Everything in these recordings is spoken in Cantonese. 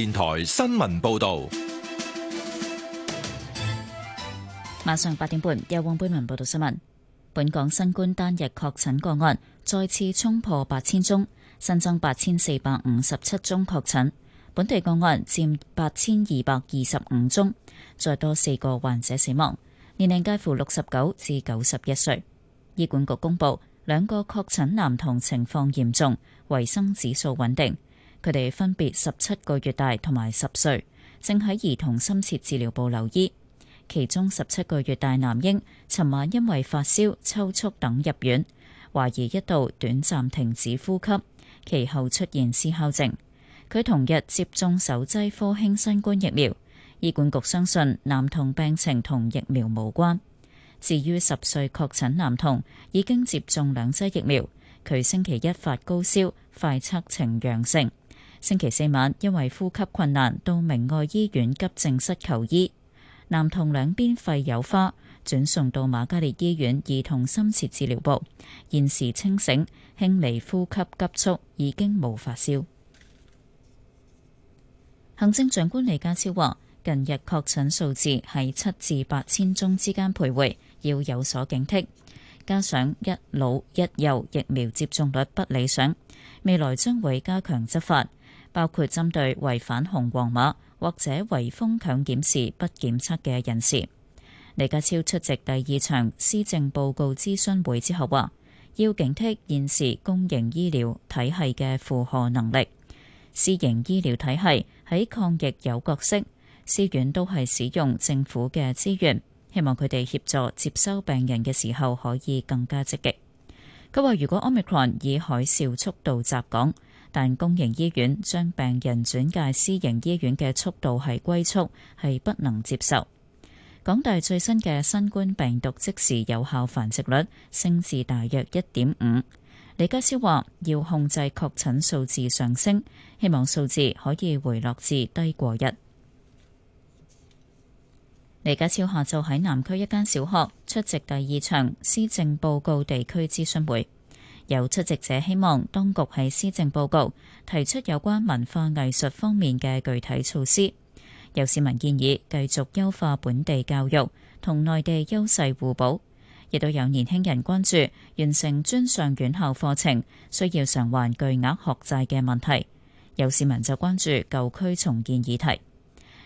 電台新聞報道，晚上八點半有黃佩文報道新聞。本港新冠單日確診個案再次衝破八千宗，新增八千四百五十七宗確診，本地個案佔八千二百二十五宗，再多四個患者死亡，年齡介乎六十九至九十一歲。醫管局公布兩個確診男童情況嚴重，維生指數穩定。佢哋分別十七個月大同埋十歲，正喺兒童深切治療部留醫。其中十七個月大男嬰，尋晚因為發燒、抽搐等入院，懷疑一度短暫停止呼吸，其後出現思考症。佢同日接種首劑科興新冠疫苗，醫管局相信男童病情同疫苗無關。至於十歲確診男童已經接種兩劑疫苗，佢星期一發高燒，快測呈陽性。星期四晚，因為呼吸困難到明愛醫院急症室求醫，男童兩邊肺有花，轉送到瑪嘉烈醫院兒童深切治療部，現時清醒，輕微呼吸急促，已經冇發燒。行政長官李家超話，近日確診數字喺七至八千宗之間徘徊，要有所警惕。加上一老一幼疫苗接種率不理想，未來將會加強執法。包括針對違反紅黃碼或者違風強檢時不檢測嘅人士，李家超出席第二場施政報告諮詢會之後話：要警惕現時公營醫療體系嘅負荷能力，私營醫療體系喺抗疫有角色，私院都係使用政府嘅資源，希望佢哋協助接收病人嘅時候可以更加積極。佢話：如果 Omicron 以海嘯速度襲港，但公營醫院將病人轉介私營醫院嘅速度係龜速，係不能接受。港大最新嘅新冠病毒即時有效繁殖率升至大約一點五。李家超話要控制確診數字上升，希望數字可以回落至低過一。李家超下晝喺南區一間小學出席第二場施政報告地區諮詢會。有出席者希望當局喺施政報告提出有關文化藝術方面嘅具體措施，有市民建議繼續優化本地教育同內地優勢互補，亦都有年輕人關注完成專上院校課程需要償還巨額學債嘅問題。有市民就關注舊區重建議題。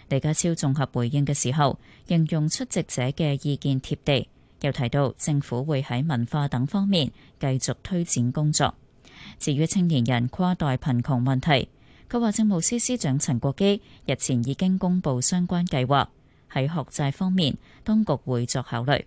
李家超綜合回應嘅時候，形容出席者嘅意見貼地。又提到政府會喺文化等方面繼續推展工作。至於青年人跨代貧窮問題，佢話政務司司長陳國基日前已經公布相關計劃。喺學債方面，當局會作考慮。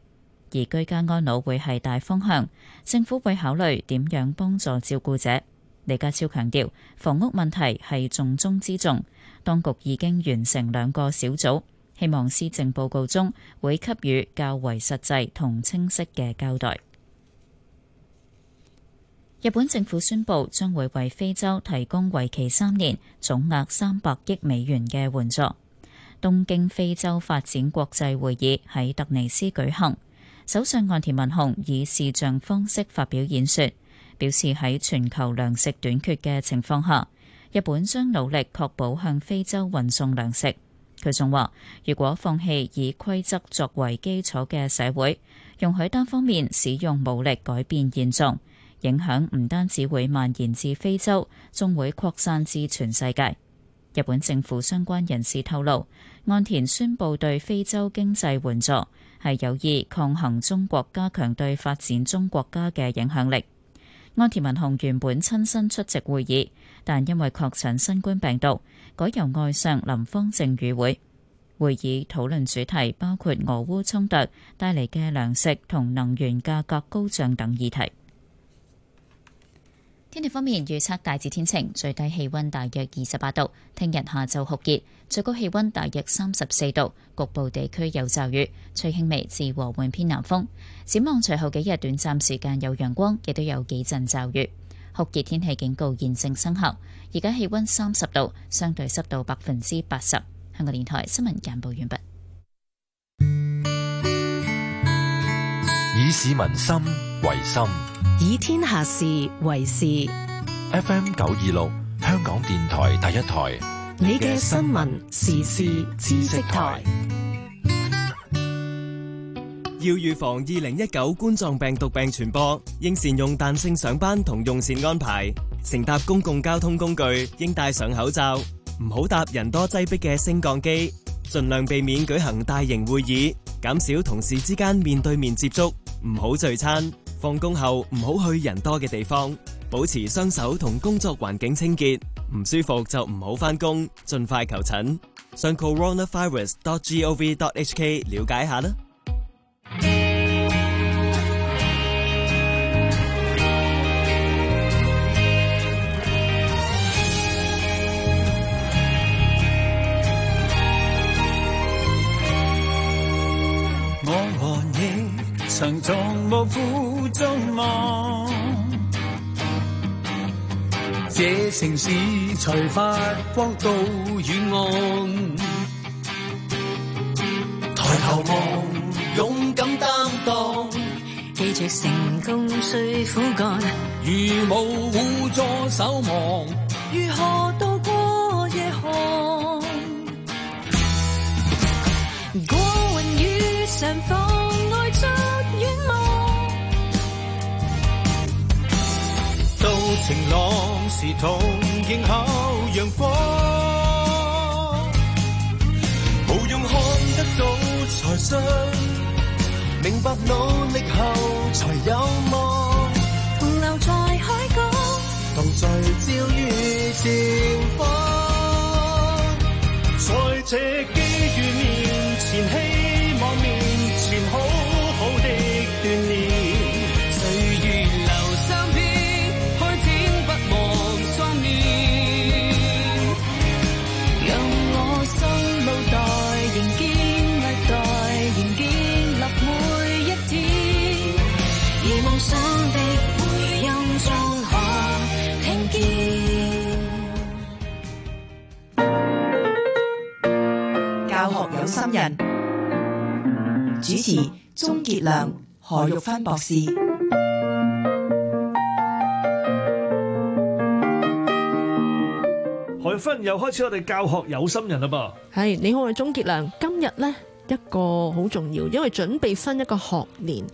而居家安老會係大方向，政府會考慮點樣幫助照顧者。李家超強調，房屋問題係重中之重，當局已經完成兩個小組。希望施政報告中會給予較為實際同清晰嘅交代。日本政府宣布將會為非洲提供為期三年、總額三百億美元嘅援助。東京非洲發展國際會議喺突尼斯舉行，首相岸田文雄以視像方式發表演說，表示喺全球糧食短缺嘅情況下，日本將努力確保向非洲運送糧食。佢仲話：如果放棄以規則作為基礎嘅社會，容許單方面使用武力改變現狀，影響唔單止會蔓延至非洲，仲會擴散至全世界。日本政府相關人士透露，岸田宣布對非洲經濟援助，係有意抗衡中國加強對發展中國家嘅影響力。岸田文雄原本親身出席會議。但因為確診新冠病毒，改由外相林芳正與會。會議討論主題包括俄烏衝突帶嚟嘅糧食同能源價格高漲等議題。天氣方面預測大致天晴，最低氣温大約二十八度。聽日下晝酷熱，最高氣温大約三十四度，局部地區有驟雨，吹輕微至和緩偏南風。展望隨後幾日，短暫時間有陽光，亦都有幾陣驟雨。酷熱天氣警告現正生效，而家氣溫三十度，相對濕度百分之八十。香港電台新聞簡報完畢。以市民心為心，以天下事為事。FM 九二六，香港電台第一台，你嘅新聞時事知識台。要預防二零一九冠狀病毒病傳播，應善用彈性上班同用膳安排。乘搭公共交通工具應戴上口罩，唔好搭人多擠迫嘅升降機。盡量避免舉行大型會議，減少同事之間面對面接觸。唔好聚餐，放工後唔好去人多嘅地方，保持雙手同工作環境清潔。唔舒服就唔好返工，盡快求診。上 coronavirus.gov.hk 了解下啦。我和你曾從無負中望，這城市才發光到遠岸，抬頭望。勇敢擔當，記着成功需苦幹。如無互助守望，如何渡過夜寒？過雲雨，綿綿愛作遠望。到晴朗時，同樣靠陽光。不用看得到才真。明白努力後才有夢，同留在海角，同隨潮與綻放， 在這機遇面前。教學有心人，主持鍾杰良、何玉芬博士。何玉芬，又開始我哋教學有心人啦噃。係，你好，我係鍾杰良。今日呢，一個好重要，因為準備新一個學年，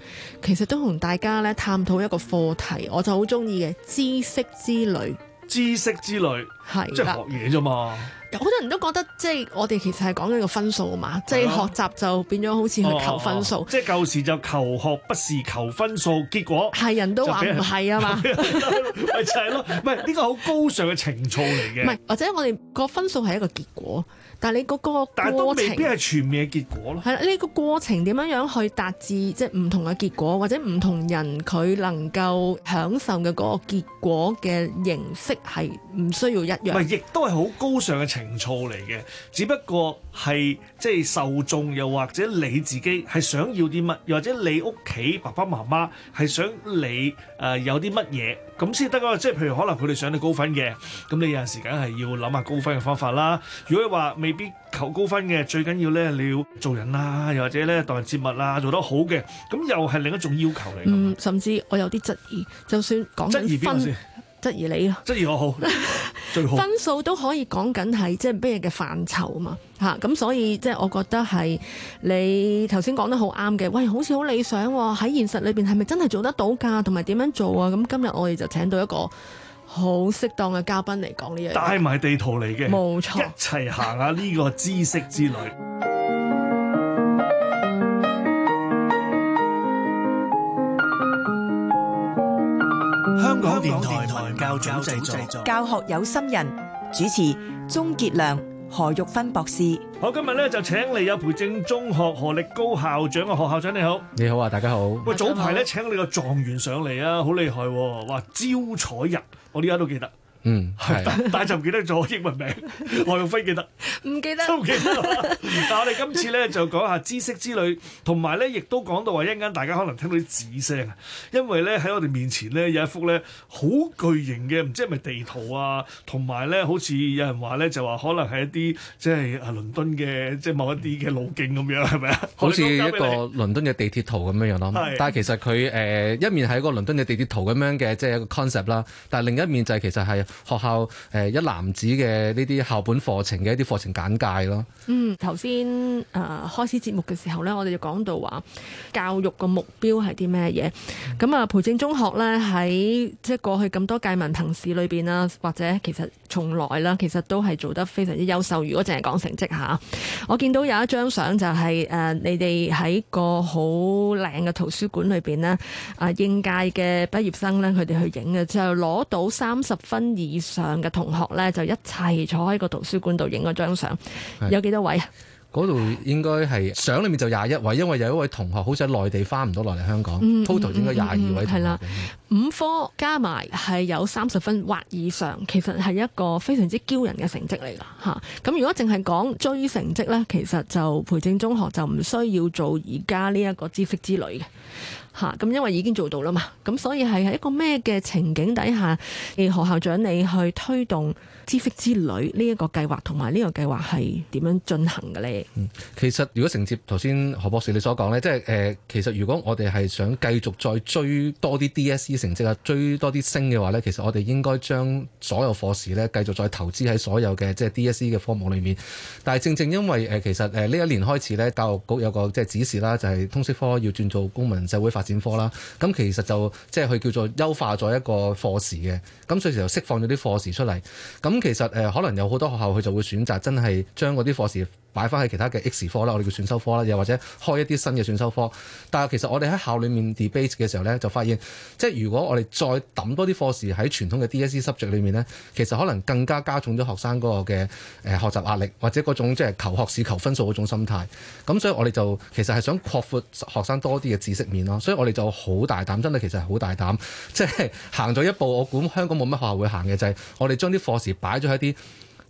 其實都同大家咧探討一個課題，我就好中意嘅知識之旅。知識之旅，的即係學嘢啫嘛。有好多人都覺得，即係我哋其實係講緊個分數啊嘛。的即係學習就變咗好似去求分數，啊啊啊即係舊時就求學不是求分數，結果係人都話唔係啊嘛。咪就係咯，唔係呢個好高尚嘅情操嚟嘅。唔係，或者我哋個分數係一個結果。但你嗰個過程，但都未必係全面嘅結果咯。係啦，呢個過程點樣樣去達至即係唔同嘅結果，或者唔同人佢能夠享受嘅嗰個結果嘅形式係唔需要一樣。唔係，亦都係好高尚嘅情操嚟嘅，只不過係即係受眾，又或者你自己係想要啲乜，又或者你屋企爸爸媽媽係想你誒有啲乜嘢。咁先得㗎，即係譬如可能佢哋想你高分嘅，咁你有陣時梗係要諗下高分嘅方法啦。如果你話未必求高分嘅，最緊要咧你要做人啦，又或者咧待人接物啦，做得好嘅，咁又係另一種要求嚟。嗯，甚至我有啲質疑，就算講分。質疑先質疑你咯，質疑我好 最好 分數都可以講緊係即係咩嘅範疇，嘛，啊嘛，嚇，咁，所以即係、就是、我覺得係你頭先講得好啱嘅，喂好似好理想喎、哦，喺現實裏邊係咪真係做得到㗎、啊？同埋點樣做啊？咁今日我哋就請到一個好適當嘅嘉賓嚟講呢樣嘢，帶埋地圖嚟嘅，冇錯，一齊行下呢個知識之旅。 香港電台文教組製作，教、教學有心人，主持鍾杰良、何玉芬博士。我今日咧就請嚟有培正中學何力高校長嘅何校長，你好。你好啊，大家好。喂，早排咧請你個狀元上嚟啊，好厲害，哇，招彩日，我呢家都記得。嗯，但的 但就唔記得咗英文名，何玉飛記得，唔記得？記 但係我哋今次咧就講下知識之旅，同埋咧亦都講到話一陣間大家可能聽到啲紙聲啊，因為咧喺我哋面前咧有一幅咧好巨型嘅，唔知係咪地圖啊，同埋咧好似有人話咧就話可能係一啲即係啊倫敦嘅即係某一啲嘅路徑咁樣，係咪啊？好似一個倫敦嘅地鐵圖咁樣樣咯。的但係其實佢誒、呃、一面係一個倫敦嘅地鐵圖咁樣嘅，即係一個 concept 啦。但係另一面就係其實係。學校誒一男子嘅呢啲校本課程嘅一啲課程簡介咯。嗯，頭先誒開始節目嘅時候呢，我哋就講到話教育個目標係啲咩嘢。咁啊、嗯，培正中學呢，喺即係過去咁多屆文憑試裏邊啦，或者其實從來啦，其實都係做得非常之優秀。如果淨係講成績吓，我見到有一張相就係、是、誒、呃，你哋喺個好靚嘅圖書館裏邊呢，啊，應屆嘅畢業生呢，佢哋去影嘅就攞到三十分。以上嘅同學呢，就一齊坐喺個圖書館度影嗰張相，是有幾多位啊？嗰度應該係相裏面就廿一位，因為有一位同學好似喺內地翻唔到嚟香港，total、嗯嗯嗯嗯、應該廿二位。係啦，五科加埋係有三十分或以上，其實係一個非常之驕人嘅成績嚟㗎嚇。咁、啊、如果淨係講追成績呢，其實就培正中學就唔需要做而家呢一個知識之旅嘅。吓，咁因為已經做到啦嘛，咁所以係喺一個咩嘅情景底下，誒何校長你去推動知識之旅呢一個計劃同埋呢個計劃係點樣進行嘅咧？嗯，其實如果承接頭先何博士你所講咧，即係誒、呃、其實如果我哋係想繼續再追多啲 DSE 成績啊，追多啲升嘅話咧，其實我哋應該將所有課時咧繼續再投資喺所有嘅即係 DSE 嘅科目裏面。但係正正因為誒、呃、其實誒呢一年開始咧，教育局有個即係指示啦，就係、是、通識科要轉做公民社會發發展科啦，咁其實就即係佢叫做優化咗一個課時嘅，咁所以就釋放咗啲課時出嚟。咁其實誒，可能有好多學校佢就會選擇真係將嗰啲課時。擺翻去其他嘅 X 科啦，我哋叫選修科啦，又或者開一啲新嘅選修科。但係其實我哋喺校裏面 debate 嘅時候呢，就發現即係如果我哋再抌多啲課時喺傳統嘅 DSE 濕著裏面呢，其實可能更加加重咗學生嗰個嘅誒學習壓力，或者嗰種即係求學士、求分數嗰種心態。咁所以我哋就其實係想擴闊，闊學生多啲嘅知識面咯。所以我哋就好大膽，真係其實好大膽，即係行咗一步。我估香港冇乜學校會行嘅就係、是、我哋將啲課時擺咗喺啲。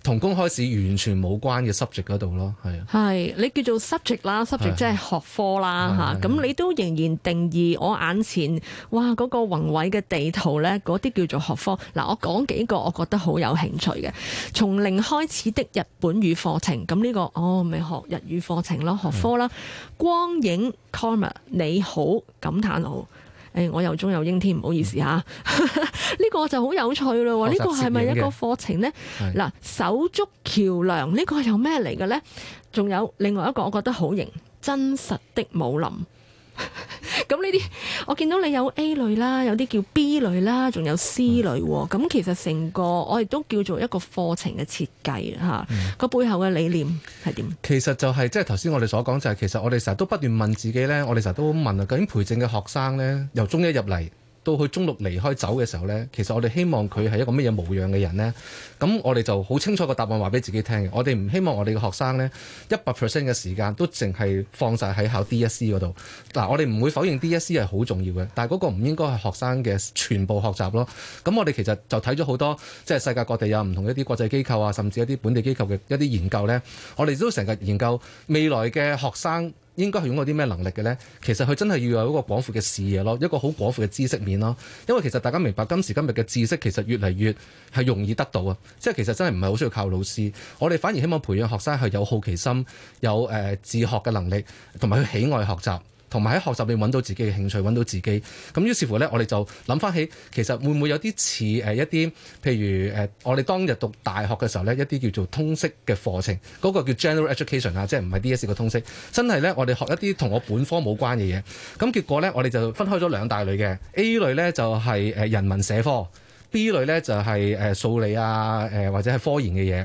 同公開試完全冇關嘅 subject 嗰度咯，係啊，係你叫做 subject 啦，subject 的即係學科啦嚇，咁的你都仍然定義我眼前哇嗰個宏偉嘅地圖咧，嗰啲叫做學科。嗱，我講幾個我覺得好有興趣嘅，從零開始的日本語課程，咁呢個哦咪學日語課程咯，學科啦。的光影 comma 你好，感嘆號。誒，我又中有英添，唔好意思吓、啊。呢 個就好有趣嘞喎！呢個係咪一個課程呢？嗱是，手足橋梁呢、呢個有咩嚟嘅呢？仲有另外一個，我覺得好型，真實的武林。 咁呢啲，我見到你有 A 類啦，有啲叫 B 類啦，仲有 C 類喎、喔。咁、嗯、其實成個我哋都叫做一個課程嘅設計嚇，個、嗯啊、背後嘅理念係點？其實就係、是、即係頭先我哋所講就係，其實我哋成日都不斷問自己咧，我哋成日都問究竟培正嘅學生咧，由中一入嚟。到佢中六離開走嘅時候呢，其實我哋希望佢係一個乜嘢模樣嘅人呢？咁我哋就好清楚個答案話俾自己聽嘅。我哋唔希望我哋嘅學生呢，一百 percent 嘅時間都淨係放晒喺考 DSE 嗰度。嗱，我哋唔會否認 DSE 係好重要嘅，但係嗰個唔應該係學生嘅全部學習咯。咁我哋其實就睇咗好多，即係世界各地有唔同一啲國際機構啊，甚至一啲本地機構嘅一啲研究呢，我哋都成日研究未來嘅學生。應該係擁有啲咩能力嘅呢？其實佢真係要有一個廣闊嘅視野咯，一個好廣闊嘅知識面咯。因為其實大家明白，今時今日嘅知識其實越嚟越係容易得到啊。即係其實真係唔係好需要靠老師，我哋反而希望培養學生係有好奇心、有誒、呃、自學嘅能力，同埋佢喜愛學習。同埋喺學習裏揾到自己嘅興趣，揾到自己。咁於是乎呢，我哋就諗返起，其實會唔會有啲似誒一啲，譬如誒，我哋當日讀大學嘅時候呢，一啲叫做通識嘅課程，嗰個叫 general education 啊，即係唔係 DSE 嘅通識，真係呢，我哋學一啲同我本科冇關嘅嘢。咁結果呢，我哋就分開咗兩大類嘅 A 類呢，就係誒人文社科。B 類咧就係、是、誒、呃、數理啊，誒、呃、或者係科研嘅嘢。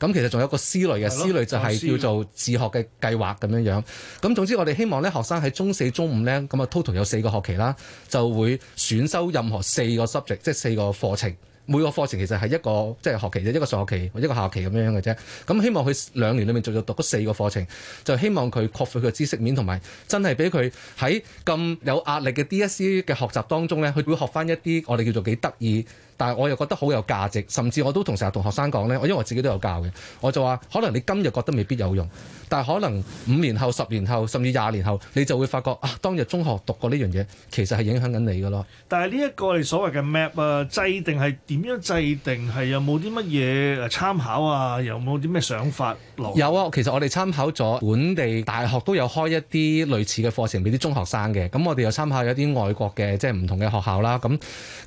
咁、嗯、其實仲有個 C 類嘅的，C 類就係叫做自學嘅計劃咁樣樣。咁、嗯、總之我哋希望咧學生喺中四、中五咧，咁啊 total 有四個學期啦，就會選修任何四個 subject，即係四個課程。每個課程其實係一個即係學期啫，一個上學期或一個下學期咁樣樣嘅啫。咁、嗯、希望佢兩年裡面繼續讀嗰四個課程，就希望佢擴闊佢嘅知識面，同埋真係俾佢喺咁有壓力嘅 DSE 嘅學習當中咧，佢會學翻一啲我哋叫做幾得意。但係我又覺得好有價值，甚至我都同成日同學生講呢。我因為我自己都有教嘅，我就話可能你今日覺得未必有用，但係可能五年後、十年後甚至廿年後，你就會發覺啊，當日中學讀過呢樣嘢其實係影響緊你噶咯。但係呢一個你所謂嘅 MAP 啊，制定係點樣制定？係有冇啲乜嘢參考啊？有冇啲咩想法？有啊，其實我哋參考咗本地大學都有開一啲類似嘅課程俾啲中學生嘅，咁我哋又參考有啲外國嘅即係唔同嘅學校啦，咁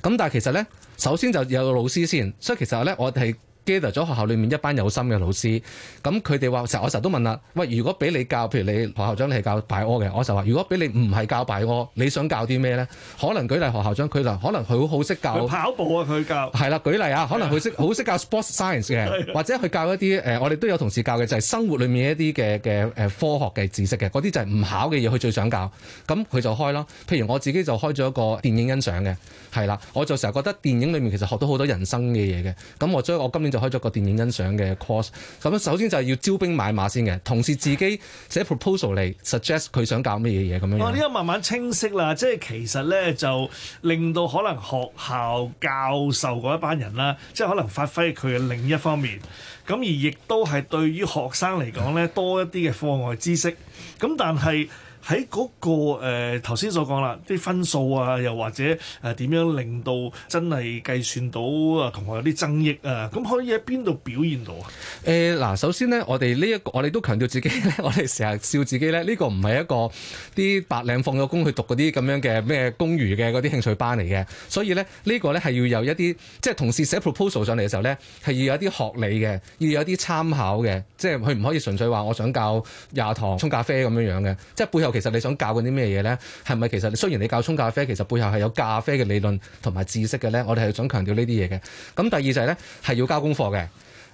咁但係其實呢。首先就有個老師先，所以其實咧，我哋係 gather 咗學校裏面一班有心嘅老師，咁佢哋話，其實我成日都問啦，喂，如果俾你教，譬如你何校長你係教拜託嘅，我就話，如果俾你唔係教拜託，你想教啲咩咧？可能舉例何校長佢就可能佢會好識教跑步啊，佢教係啦，舉例啊，可能佢識好識教 sports science 嘅， 或者佢教一啲誒，我哋都有同事教嘅，就係、是、生活裏面一啲嘅嘅誒科學嘅知識嘅，嗰啲就係唔考嘅嘢，佢最想教，咁佢就開咯。譬如我自己就開咗一個電影欣賞嘅，係啦，我就成日覺得電影裏面其實學到好多人生嘅嘢嘅，咁我所以我今年。就開咗個電影欣賞嘅 course，咁首先就係要招兵買馬先嘅，同事自己寫 proposal 嚟 suggest 佢想搞乜嘢嘢咁樣。哦、啊，呢個慢慢清晰啦，即係其實咧就令到可能學校教授嗰一班人啦，即、就、係、是、可能發揮佢嘅另一方面，咁而亦都係對於學生嚟講咧多一啲嘅課外知識，咁但係，喺、嗰個誒頭先所講啦，啲分數啊，又或者誒點、呃、樣令到真係計算到啊同學有啲爭益啊？咁可以喺邊度表現到啊？誒嗱、呃，首先咧，我哋呢一個我哋都強調自己咧，我哋成日笑自己咧，呢、呢個唔係一個啲白領放咗工去讀啲咁樣嘅咩公餘嘅啲興趣班嚟嘅，所以咧呢、呢個咧係要有一啲即係同事寫 proposal 上嚟嘅時候咧，係要有啲學理嘅，要有啲參考嘅，即係佢唔可以純粹話我想教廿堂沖咖啡咁樣樣嘅，即、就、係、是、背後。其實你想教佢啲咩嘢呢？係咪其實雖然你教沖咖啡，其實背後係有咖啡嘅理論同埋知識嘅呢？我哋係想強調呢啲嘢嘅。咁第二就係呢，係要交功課嘅，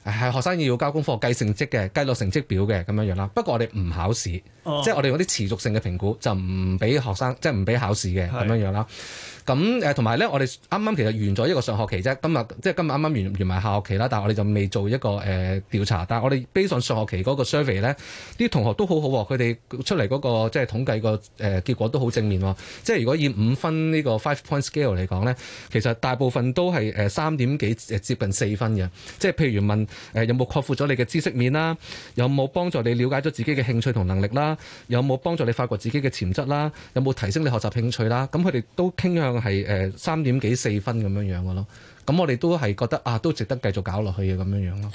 係學生要交功課計成績嘅，計落成績表嘅咁樣樣啦。不過我哋唔考試，哦、即係我哋有啲持續性嘅評估，就唔俾學生即係唔俾考試嘅咁樣樣啦。咁誒，同埋咧，我哋啱啱其實完咗一個上學期啫，今日即係今日啱啱完完埋下學期啦，但係我哋就未做一個誒、呃、調查，但係我哋 base 上學期嗰個 survey 咧，啲同學都好好喎，佢哋出嚟嗰、嗰個即係統計個誒結果都好正面喎，即係如果以五分呢個 five point scale 嚟講咧，其實大部分都係誒三點幾接近四分嘅，即係譬如問誒有冇擴闊咗你嘅知識面啦，有冇幫助你了解咗自己嘅興趣同能力啦，有冇幫助你發掘自己嘅潛質啦，有冇提升你學習興趣啦，咁佢哋都傾向，係誒三點幾四分咁樣樣嘅咯，咁我哋都係覺得啊，都值得繼續搞落去嘅咁樣樣咯。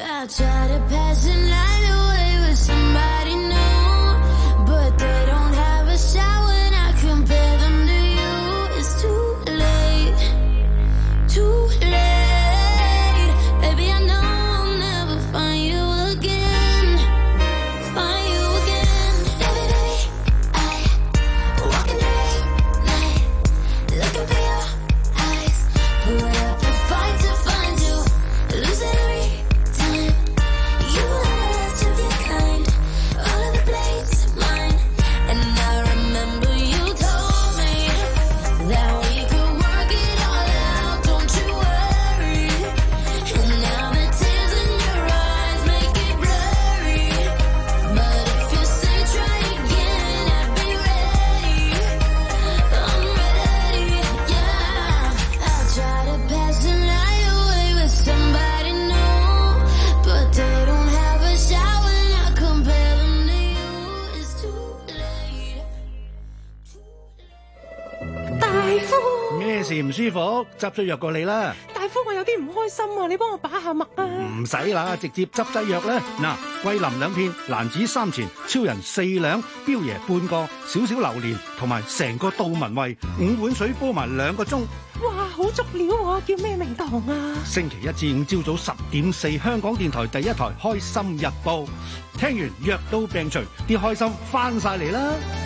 執劑藥過你啦，大夫，我有啲唔開心啊，你幫我把下脈啊，唔使啦，直接執劑藥啦，嗱、啊，桂林兩片，蘭子三錢，超人四兩，彪爺半個，少少榴蓮同埋成個杜雯惠，五碗水煲埋兩個鐘，哇，好足料喎、啊，叫咩名堂啊？星期一至五朝早十點四，香港電台第一台開心日報，聽完藥都病除，啲開心翻曬嚟啦。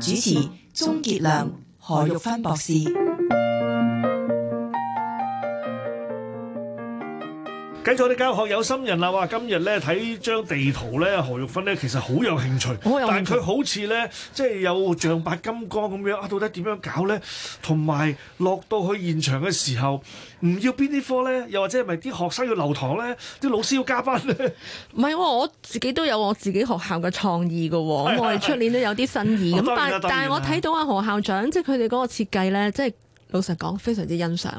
主持：鍾杰良、何玉芬博士。睇咗啲教學有心人啦，話今日咧睇張地圖咧，何玉芬咧其實好有興趣，但佢好似咧即係有象白金剛咁樣啊，到底點樣搞咧？同埋落到去現場嘅時候，唔要邊啲科咧？又或者係咪啲學生要留堂咧？啲老師要加班咧？唔係、啊，我自己都有我自己學校嘅創意嘅、哦，咁、啊啊啊、我哋出年都有啲新意。咁但係、啊，但係我睇到阿何校長即係佢哋嗰個設計咧，即係。老實講，非常之欣賞。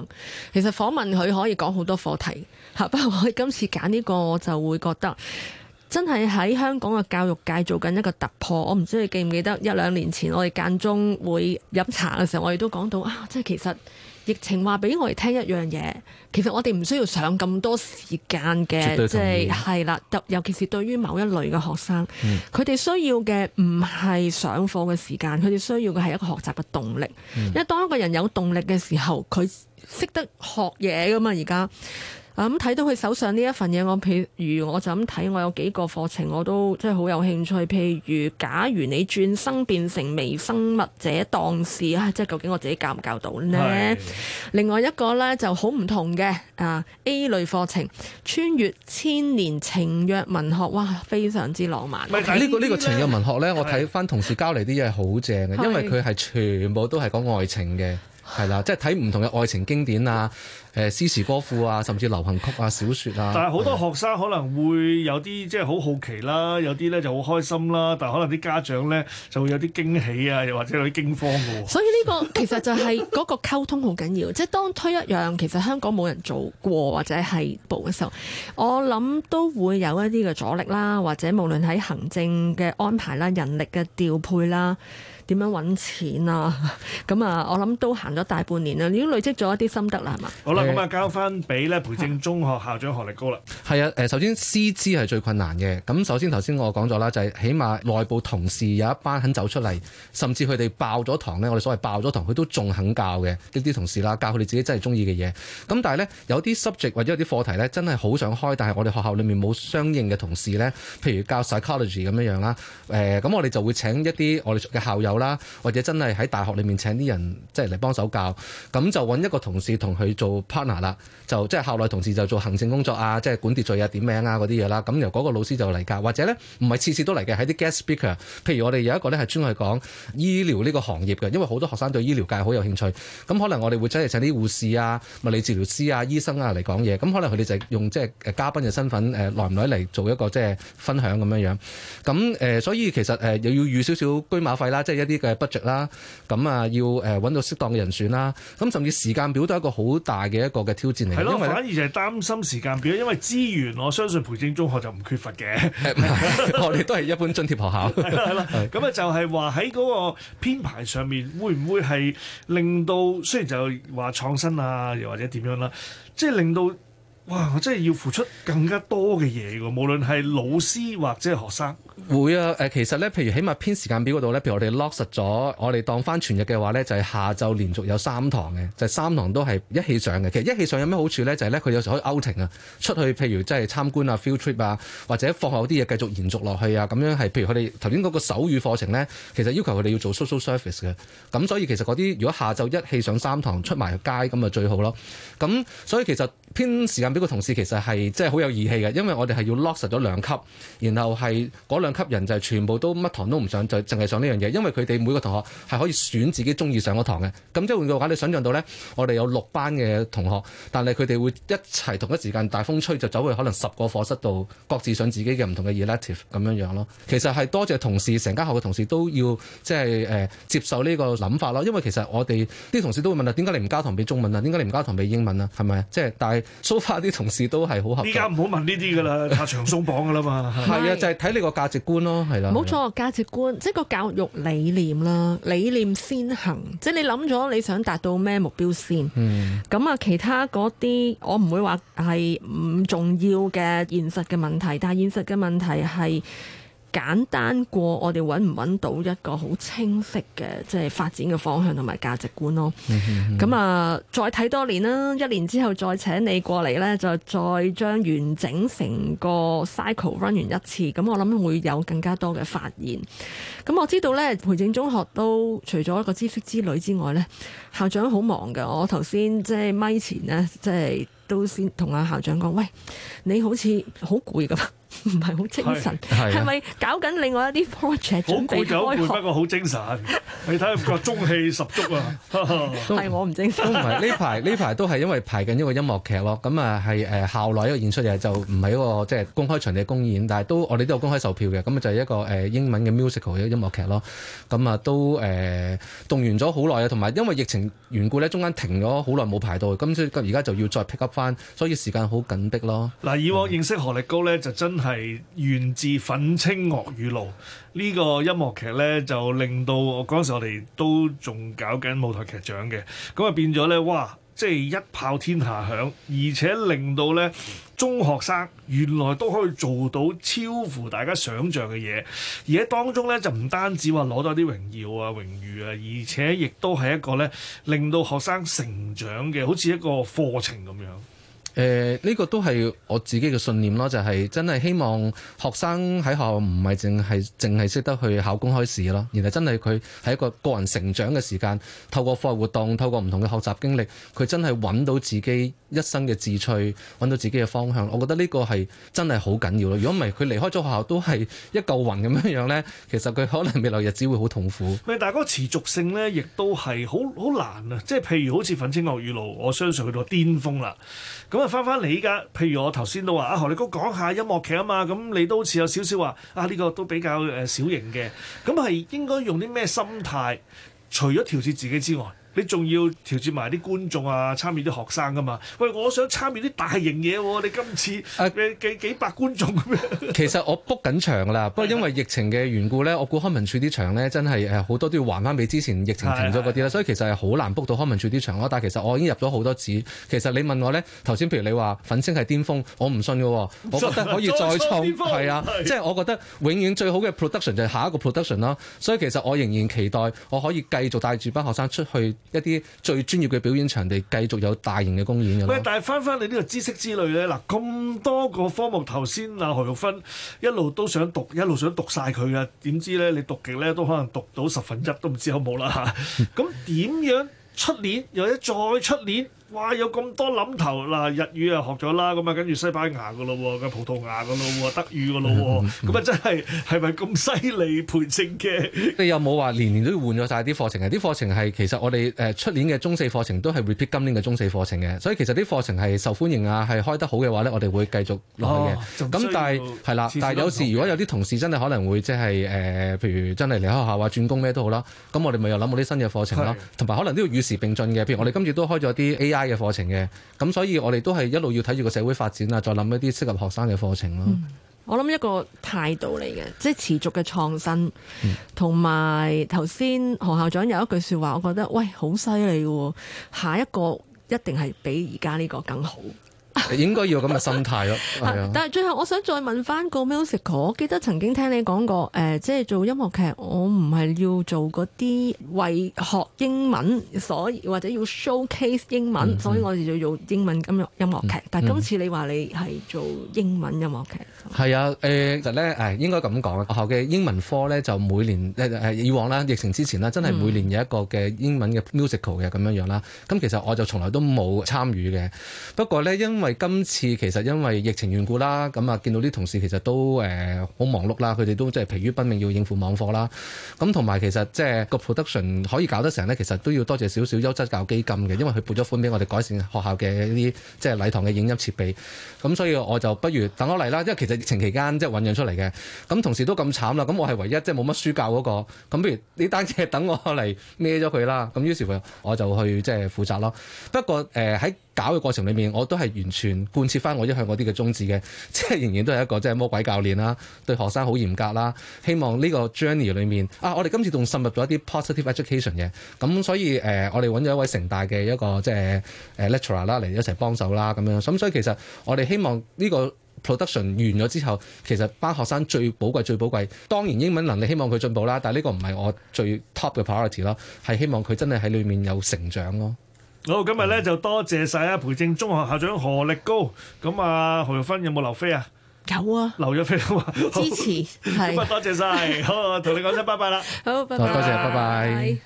其實訪問佢可以講好多課題吓，不過我今次揀呢個，我就會覺得真係喺香港嘅教育界做緊一個突破。我唔知你記唔記得一兩年前，我哋間中會飲茶嘅時候，我哋都講到啊，即係其實。疫情話俾我哋聽一樣嘢，其實我哋唔需要上咁多時間嘅，即係係啦，尤、就是、尤其是對於某一類嘅學生，佢哋、嗯、需要嘅唔係上課嘅時間，佢哋需要嘅係一個學習嘅動力。嗯、因為當一個人有動力嘅時候，佢識得學嘢㗎嘛，而家。啊咁睇到佢手上呢一份嘢，我譬如我就咁睇，我有幾個課程我都即係好有興趣。譬如假如你轉生變成微生物者當，當事啊，即係究竟我自己教唔教到呢？是另外一個呢，就好唔同嘅啊 A 類課程，穿越千年情約文學，哇，非常之浪漫。呢、呢個呢、呢個情約文學呢，是我睇翻同事交嚟啲嘢好正嘅，因為佢係全部都係講愛情嘅，係啦是，啊、即係睇唔同嘅愛情經典啊。 誒，詩詞歌賦啊，甚至流行曲啊，小說啊，但係好多學生可能會有啲即係好好奇啦，有啲咧就好開心啦，但係可能啲家長咧就會有啲驚喜啊，又或者有啲驚慌嘅啊。所以呢個其實就係嗰個溝通好緊要， 即係當推一樣，其實香港冇人做過，或者係做嘅時候，我諗都會有一啲嘅阻力啦，或者無論喺行政嘅安排啦、人力嘅調配啦。點樣揾錢啊？咁 啊、嗯，我諗都行咗大半年啦，已經累積咗一啲心得啦，係嘛？好啦，咁、嗯、啊，嗯、交翻俾咧培正中學校長，何力高啦。係啊，誒，首先師資係最困難嘅。咁首先頭先我講咗啦，就係、是、起碼內部同事有一班肯走出嚟，甚至佢哋爆咗堂呢。我哋所謂爆咗堂，佢都仲肯教嘅啲啲同事啦，教佢哋自己真係中意嘅嘢。咁但係呢，有啲 subject 或者有啲課題呢，真係好想開，但係我哋學校裡面冇相應嘅同事呢，譬如教 psychology 咁樣樣啦，誒、呃，咁我哋就會請一啲我哋嘅校友。啦，或者真係喺大學裏面請啲人即係嚟幫手教，咁就揾一個同事同佢做 partner 啦，就即係校內同事就做行政工作啊，即係管秩序啊、點名啊嗰啲嘢啦。咁由嗰個老師就嚟教，或者呢唔係次次都嚟嘅，喺啲 guest speaker。譬如我哋有一個呢係專去講醫療呢個行業嘅，因為好多學生對醫療界好有興趣。咁可能我哋會真係請啲護士啊、物理治療師啊、醫生啊嚟講嘢。咁可能佢哋就用即係嘉賓嘅身份誒來唔來嚟做一個即係分享咁樣樣。咁誒，所以其實誒又要預少少車馬費啦，即係一。啲嘅 budget 啦，咁啊要誒揾到適當嘅人選啦，咁甚至時間表都係一個好大嘅一個嘅挑戰嚟。係咯的，為反而就係擔心時間表，因為資源我相信培正中學就唔缺乏嘅， 是 我哋都係一般津貼學校。係啦， 咁啊就係話喺嗰個編排上面，會唔會係令到雖然就話創新啊，又或者點樣啦，即係令到。哇！我真係要付出更加多嘅嘢㗎喎，無論係老師或者學生。會啊，誒，其實呢，譬如起碼編時間表嗰度呢，譬如我哋落實咗，我哋當翻全日嘅話呢，就係下晝連續有三堂嘅，就係三堂都係一起上嘅。其實一起上有咩好處呢？就係咧，佢有時候可以 outing 啊，出去譬如即係參觀啊、field trip 啊，或者放學啲嘢繼續延續落去啊，咁樣係譬如佢哋頭先嗰個手語課程呢，其實要求佢哋要做 social service 嘅，咁所以其實嗰啲如果下晝一起上三堂出埋街咁啊最好咯。咁所以其實編時間表。個同事其實係即係好有義氣嘅，因為我哋係要落 o 咗兩級，然後係嗰兩級人就係全部都乜堂都唔上，就淨係上呢樣嘢。因為佢哋每個同學係可以選自己中意上嘅堂嘅。咁即係換句話，你想象到呢，我哋有六班嘅同學，但係佢哋會一齊同一時間大風吹就走去可能十個課室度各自上自己嘅唔同嘅 e l e c t i v e 咁樣樣咯。其實係多謝同事，成間校嘅同事都要即係誒、呃、接受呢個諗法咯。因為其實我哋啲同事都會問啊：點解你唔交堂俾中文啊？點解你唔交堂俾英文啊？係咪即係但係、so 啲同事都係好合作，依家唔好問呢啲噶啦，拍、 啊、長鬆綁噶啦嘛，係 啊，就係、是、睇你個價值觀咯，係啦、啊，冇、啊、錯，價值觀，即係個教育理念啦，理念先行，即係你諗咗你想達到咩目標先，咁啊、嗯，其他嗰啲我唔會話係唔重要嘅現實嘅問題，但係現實嘅問題係。簡單過我哋揾唔揾到一個好清晰嘅即係發展嘅方向同埋價值觀咯。咁啊， 再睇多年啦，一年之後再請你過嚟呢，就再將完整成個 cycle run 完一次。咁我諗會有更加多嘅發現。咁我知道呢，培正中學都除咗一個知識之旅之外呢，校長好忙㗎。我頭先即係咪前呢，即係都先同阿校長講，喂，你好似好攰咁。唔係好精神，係咪、啊、搞緊另外一啲 project 俾開學？好攰就攰，不過好精神。 你睇佢個中氣十足啊！係 都 我唔精神。唔係呢排呢排都係因為排緊一個音樂劇咯。咁啊係誒校內一個演出嘅，就唔係一個即係、就是、公開場地公演，但係都我哋都有公開售票嘅。咁就係一個誒、呃、英文嘅 musical 嘅音樂劇咯。咁啊都誒、呃、動完咗好耐啊，同埋因為疫情緣故咧，中間停咗好耐冇排到，咁所以而家就要再 pick up 翻，所以時間好緊迫咯。嗱、呃，以往認識何力高咧，就真。係源自憤青樂與怒呢個音樂劇呢，就令到我嗰陣時我哋都仲搞緊舞台劇獎嘅，咁啊變咗呢，哇！即係一炮天下響，而且令到呢中學生原來都可以做到超乎大家想像嘅嘢，而喺當中呢，就唔單止話攞到啲榮耀啊、榮譽啊，而且亦都係一個呢令到學生成長嘅，好似一個課程咁樣。誒，呢、呃這個都係我自己嘅信念咯，就係、是、真係希望學生喺學校唔係淨係淨係識得去考公開試咯，而係真係佢喺一個個人成長嘅時間，透過課外活動，透過唔同嘅學習經歷，佢真係揾到自己一生嘅志趣，揾到自己嘅方向。我覺得呢個係真係好緊要咯。如果唔係，佢離開咗學校都係一嚿雲咁樣樣呢，其實佢可能未來日子會好痛苦。唔係，但係嗰個持續性呢，亦都係好好難啊！即係譬如好似奮青樂與路，我相信去到巔峰啦，咁啊，翻翻嚟依家，譬如我頭先都話啊，何力高講下音樂劇啊嘛，咁你都好似有少少話啊，呢個都比較誒小型嘅，咁係應該用啲咩心態？除咗調節自己之外。你仲要調節埋啲觀眾啊，參與啲學生㗎嘛？喂，我想參與啲大型嘢喎、哦！我哋今次、啊、幾幾百觀眾咁樣？ 其實我 book 緊場㗎啦，不過因為疫情嘅緣故咧， 我估康文署啲場咧真係誒好多都要還翻俾之前疫情停咗嗰啲啦，是是是是，所以其實係好難 book 到康文署啲場咯。但係其實我已經入咗好多紙。其實你問我咧，頭先譬如你話奮青係巔峰，我唔信㗎，我覺得可以再創係啊！即係、就是、我覺得永遠最好嘅 production 就係下一個 production 咯。所以其實我仍然期待我可以繼續帶住班學生出去。一啲最專業嘅表演場地繼續有大型嘅公演嘅。喂，但係返返你呢個知識之旅咧，嗱咁多個科目，頭先阿何玉芬一路都想讀，一路想讀晒佢嘅，點知咧你讀極咧都可能讀到十分一都唔知有冇啦嚇。咁點 樣出年，又一再出年？哇！有咁多諗頭嗱，日語啊學咗啦，咁啊跟住西班牙噶咯，葡萄牙噶咯，德語噶咯，咁啊真係係咪咁犀利培正嘅？你有冇話年年都要換咗晒啲課程啊？啲課程係其實我哋誒出年嘅中四課程都係 repeat 今年嘅中四課程嘅，所以其實啲課程係受歡迎啊，係開得好嘅話呢，我哋會繼續落去嘅。咁、哦、但係係啦，但係有時如果有啲同事真係可能會即係誒，譬如真係離開學校或轉工咩都好啦，咁我哋咪又諗到啲新嘅課程囉，同埋是可能都要與時並進嘅。譬如我哋今次都開咗啲 AI。嘅課程嘅，咁所以我哋都係一路要睇住個社會發展啊，再諗一啲適合學生嘅課程咯，嗯。我諗一個態度嚟嘅，即係持續嘅創新，同埋頭先何校長有一句說話，我覺得喂，好犀利喎，下一個一定係比而家呢個更好。應該要有咁嘅心態咯。 但係最後，我想再問翻個 musical。我記得曾經聽你講過，誒、呃，即係做音樂劇，我唔係要做嗰啲為學英文，所以或者要 showcase 英文，嗯、所以我哋就要做英文音樂音樂劇。嗯、但係今次你話你係做英文音樂劇，係啊，誒、呃，其實咧誒，應該咁講啊。學校嘅英文科咧，就每年以往啦，疫情之前啦，真係每年有一個嘅英文嘅 musical 嘅咁樣樣啦。咁、嗯、其實我就從來都冇參與嘅。不過咧，因為今次其實因為疫情緣故啦，咁啊見到啲同事其實都誒好忙碌啦，佢哋都即係疲於奔命要應付網課啦。咁同埋其實即係個 production 可以搞得成呢，其實都要多謝少少優質教基金嘅，因為佢撥咗款俾我哋改善學校嘅一啲即係禮堂嘅影音設備。咁所以我就不如等我嚟啦，因為其實疫情期間即係醖釀出嚟嘅。咁同時都咁慘啦，咁我係唯一即係冇乜書教嗰個。咁不如呢單嘢等我嚟孭咗佢啦。咁於是乎我就去即係負責咯。不過誒喺搞嘅過程裏面，我都係完全貫徹翻我一向嗰啲嘅宗旨嘅，即係仍然都係一個即係魔鬼教練啦，對學生好嚴格啦。希望呢個 journey 裏面啊，我哋今次仲滲入咗一啲 positive education 嘅，咁所以誒、呃，我哋揾咗一位城大嘅一個即係誒、uh, lecturer 啦嚟一齊幫手啦，咁樣。咁所以其實我哋希望呢個 production 完咗之後，其實班學生最寶貴最寶貴，當然英文能力希望佢進步啦，但係呢個唔係我最 top 嘅 priority 咯，係希望佢真係喺裏面有成長咯。好，今日咧，就多謝晒啊，培正中學校長何力高。咁啊何玉芬有冇留飛啊？有啊，留咗飛支持係，咁啊多謝晒，好，同你講聲拜拜啦，好，多謝，拜拜。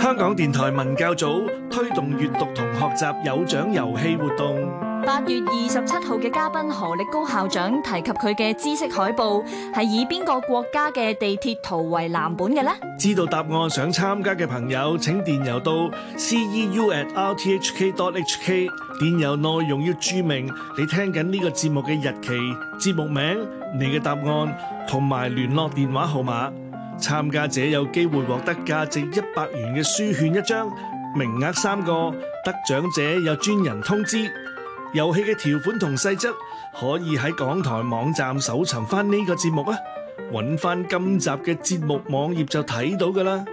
香港電台文教組推動閱讀同學習有獎遊戲活動。八月二十七號嘅嘉賓何力高校長提及佢嘅知識海報係以邊個國家嘅地鐵圖為藍本嘅呢？知道答案想參加嘅朋友，請電郵到 c e u at r t h k dot h k，電郵內容要注明你聽緊呢個節目嘅日期、節目名、你嘅答案同埋聯絡電話號碼。參加者有機會獲得價值一百元嘅書券一張，名額三個，得獎者有專人通知。遊戲嘅條款同細則可以喺港台網站搜尋返呢個節目啊，揾返今集嘅節目網頁就睇到㗎啦。